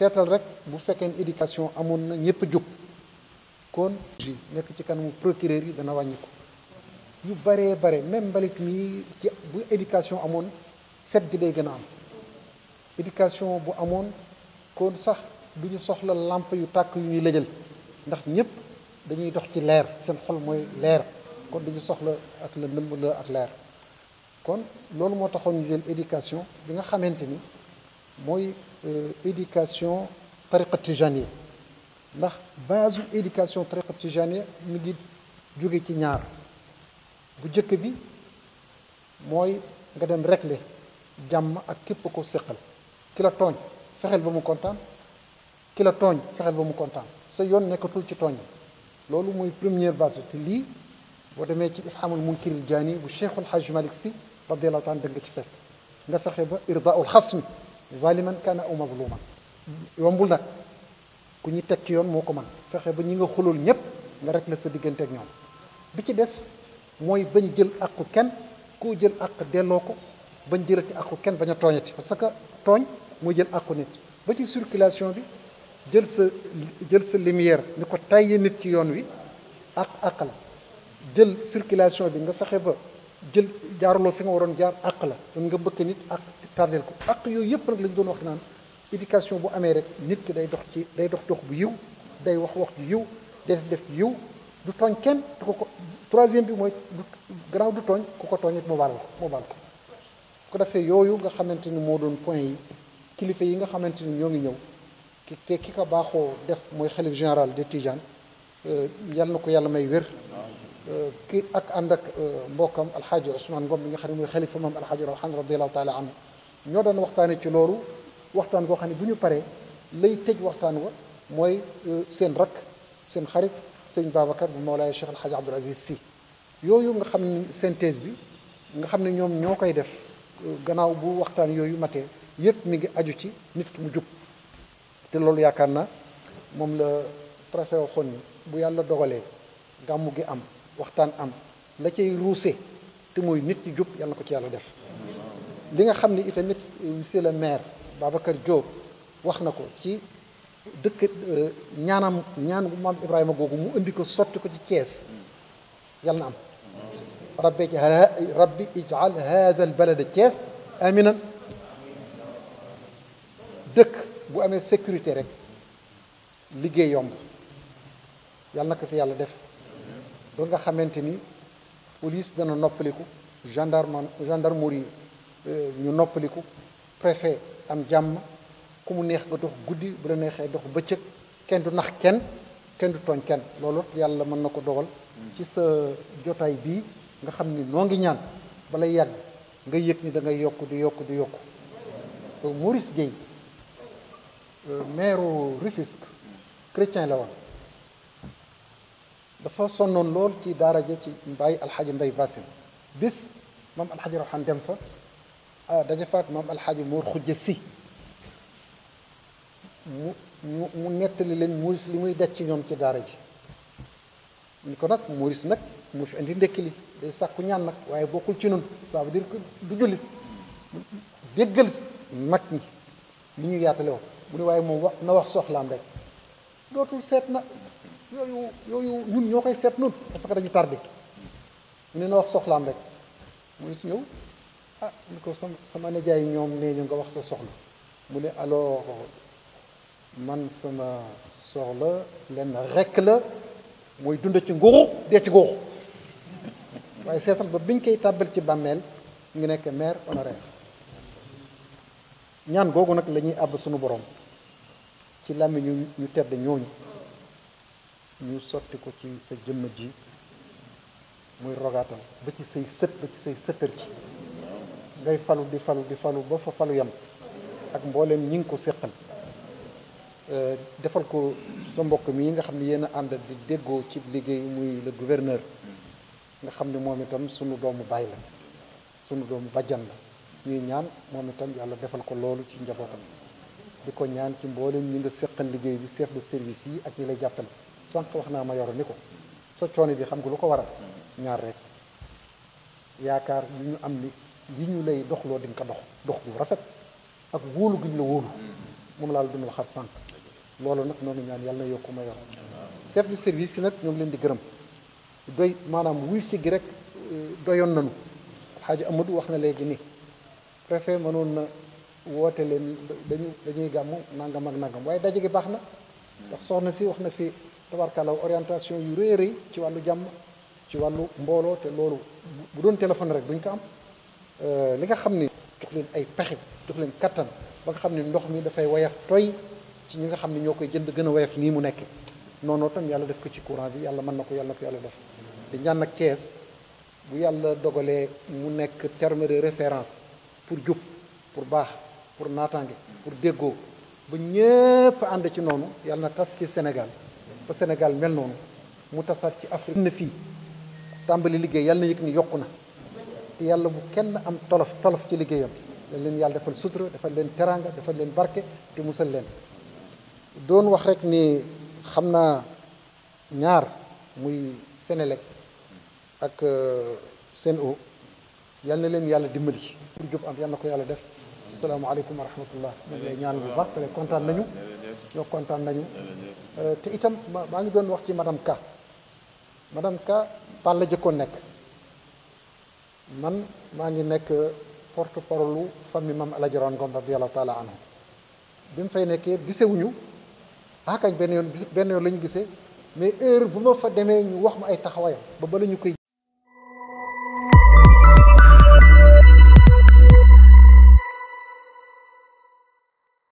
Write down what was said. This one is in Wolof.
seetal rek bu fekkee ne éducation amoon na ñëpp jóg kon nekk ci kanamu procureur yi dana wàññi ko yu baree bare même mbalit mii ci bu éducation amoon set gi day gën a am éducation bu amoon kon sax du ñu soxla làmp yu tàkk yu ñuy lëjal ndax ñëpp dañuy dox ci leer seen xol mooy leer kon dañu soxla ak la nëmb la ak leer kon loolu moo taxoon ñu jël éducation bi nga xamante ni mooy éducation tariqa tijaniya ndax base éducation tariqa tijaniya mi ngi jóge ci ñaar bu jëkk bi mooy nga dem régler jàmm ak képp ko séqal ki la tooñ fexeel ba mu kontaan ki la tooñ fexeel ba mu kontaan sa yoon nekkatul ci tooñ loolu mooy première base te lii boo demee ci ifhamul munkiril jaani bu cheikhul haj malik si radiallahu taala da nga ci fekk nga fexe ba irdaul xasmi ظالما كان او مظلوما يوم بولنا كوني تك يون موكو مان فخه با نيغا خولول نيب نغا رك لا سا اك نيوم بيتي ديس موي باني جيل اكو كين كو جيل اك ديلوكو باني جيرتي اكو كين باني توغنتي باسكو توغ موي جيل اكو نيت باتي سيركولاسيون بي جيل سا جيل سا ليميير نيكو تاي نيت كي يون وي اك اكلا جيل سيركولاسيون بي نغا فخه با جيل جارلو فيغا ورون جار اكلا نغا بك نيت اك tardeel ko ak yooyu yëpp nag lañ doon wax naan éducation bu amee rek nit ki day dox ci day dox dox bu yiw day wax wax ju yiw day def def yiw du tooñ kenn te ko ko troisième bi mooy du gannaaw du tooñ ku ko tooñit mu baal ko mu baal ko ko defee yooyu nga xamante ni moo doon point yi kilifa yi nga xamante ni ñoo ngi ñëw ki te ki ko baaxoo def mooy xalif général de Tijane yal na ko yàlla may wér ki ak ànd ak mbokkam alxaaji Ousmane Ngom bi nga xam ne mooy xalifa mam alxaaji Rawane radiyallahu taala anhu ñoo daan waxtaane ci loolu waxtaan koo xam ne bu ñu paree lay tëj waxtaan wa mooy euh, seen rakk seen xarit sëñ Babacar bu Mawlaay Cheikh El Hadj Abdoul Aziz si yooyu nga xam ne synthèse bi nga xam ne ñoom ñoo koy def euh, gannaaw bu waxtaan yooyu matee yépp mi ngi aju ci nit ki mu jub te loolu yaakaar na moom la préfet waxoon ni bu yàlla dogalee gàmmu gi am waxtaan am la cay ruuse te mooy nit ñi jub yàlla na ko ci yàlla def li nga xam ne itamit monsieur le maire Babacar Diop wax na ko ci dëkk ñaanam ñaan maam Ibrahima googu mu indi ko sotti ko ci Thiès yal na am rabbi rabbi ijal hada al Thiès aminan dëkk bu amee sécurité rek liggéey yomb yal na ko fi yàlla def ba nga xamante ni police dana noppaliku gendarme gendarmerie Euh, ñu noppaliku préfet am jàmm ku mu neex nga dox guddi bu la neexee dox bëccëg kenn du nax kenn kenn du tooñ kenn loolu yàlla mën na ko dogal mm. ci sa jotaay bii nga xam ni noo ngi ñaan bala yàgg nga yëg ni da ngay yokk di yokk di yokk euh, Maurice Gueye euh, maire Rufisque chrétien la woon dafa sonnoon lool ci daara ja ci Mbaye alxaji Mbaye Bassine bis moom alxaji Rawaan dem fa Ah, daja faat maam alxaaji Mor Xujja si mu mu mu nettali leen Maurice li muy daj ci ñoom ci daara ji ñu ko nag Maurice nag mu fi indi ndekki li day sàkku ñaan nag waaye bokkul ci nun saaba veut dire que du jullit déggal mag ñi li ñu yaatale woon mu ne waaye moom wax na wax soxlaam rek dootul seet na yooyu yooyu ñun ñoo koy seet nun parce que dañu tardé mu ne na wax soxlaam rek Maurice ñëw ah ni ko sama sama nijaay ñoom nee ñu nga wax sa soxla mu ne alors man sama soxla lenn rekk la mooy dund ci nguuru dee ci góoxu waaye seetal ba biñ koy tàbbal ci bàmmeel ngi nekk maire honoraire ñaan googu nag lañuy àbb suñu borom ci làmmiñ ñu ñu tedd ñooñu ñu sotti ko ci sa jëmm ji muy rogaatal ba ci say sët ba ci say sëtër ji ngay falu di falu di falu ba fa falu yam ak mbooleem ñi ngi ko séqal euh, defal ko sa mbokk mii nga xam ne yéen a ànd di déggoo ci liggéey muy le gouverneur nga xam ne moom itam sunu doomu baay la sunu doomu bajjan la ñuy ñaan moom itam yàlla defal ko loolu ci njabootam di ko ñaan ci mbooleem ñi nga séqal liggéey bi chef de service yi ak ñi lay jàppale sànq wax naa ma yoro ni ko sa coono bi xam nga lu ko waral ñaar rek yaakaar yu ñu am ni li ñu lay doxloo di nga ko dox dox bu rafet ak wóolu gi ñu la wóolu moom laa la doon waxaat sànq loolu nag noonu ñaan yàlla na yokku ma yor chef de service yi nag ñoo ngi leen di gërëm doy maanaam wuy si gi rek doyoon nanu xaaji Amadou wax na léegi ni préfet mënoon na woote leen dañu dañuy gàmmu nangam ak nangam waaye daje gi baax na ndax soxna si wax na fi tabarkalaw orientation yu rëy rëy ci wàllu jàmm ci wàllu mbooloo te loolu bu doon téléphone rek duñ ko am li nga xam ni jox leen ay pexe jox leen kattan ba nga xam ne ndox mi dafay woyof toy ci ñi nga xam ne ñoo koy jënd gën a woyof nii mu nekk noonu tam yàlla def ko ci courant bi yàlla mën na ko yàlla ko yàlla def di ñaan nag Thiès bu yàlla dogalee mu nekk terme de référence pour jub pour baax pour naataange pour déggoo ba ñépp ànd ci noonu yàlla na tas ci Sénégal ba Sénégal mel noonu mu tasaat ci Afrique na fii tàmbali liggéey yàlla na yëg ni yokku na yàlla bu kenn am tolof tolof ci liggéeyam dañ leen yàlla defal sutura defal leen teranga defal leen barke te musal leen doon wax rek ni xam naa ñaar muy Senelec ak euh, Sen'Eau yal na leen yàlla dimbali pour jub am yal ko yàlla def asalaamaaleykum wa rahmatullah ñu ngi bu baax te kontaan nañu ñoo kontaan nañu euh, te itam maa ngi doon wax ci madame Ka madame Ka Pall la jëkkoon nekk man maa ngi nekk porte parole famille mam El Hadj Rawane Ngom radiyallahu taala anhu bi mu fay nekkee gisewuñu akañ benn yoon benn yoon la ñu gisee mais heure bu ma fa demee ñu wax mu ay taxawaayam ba ba la ñu koy.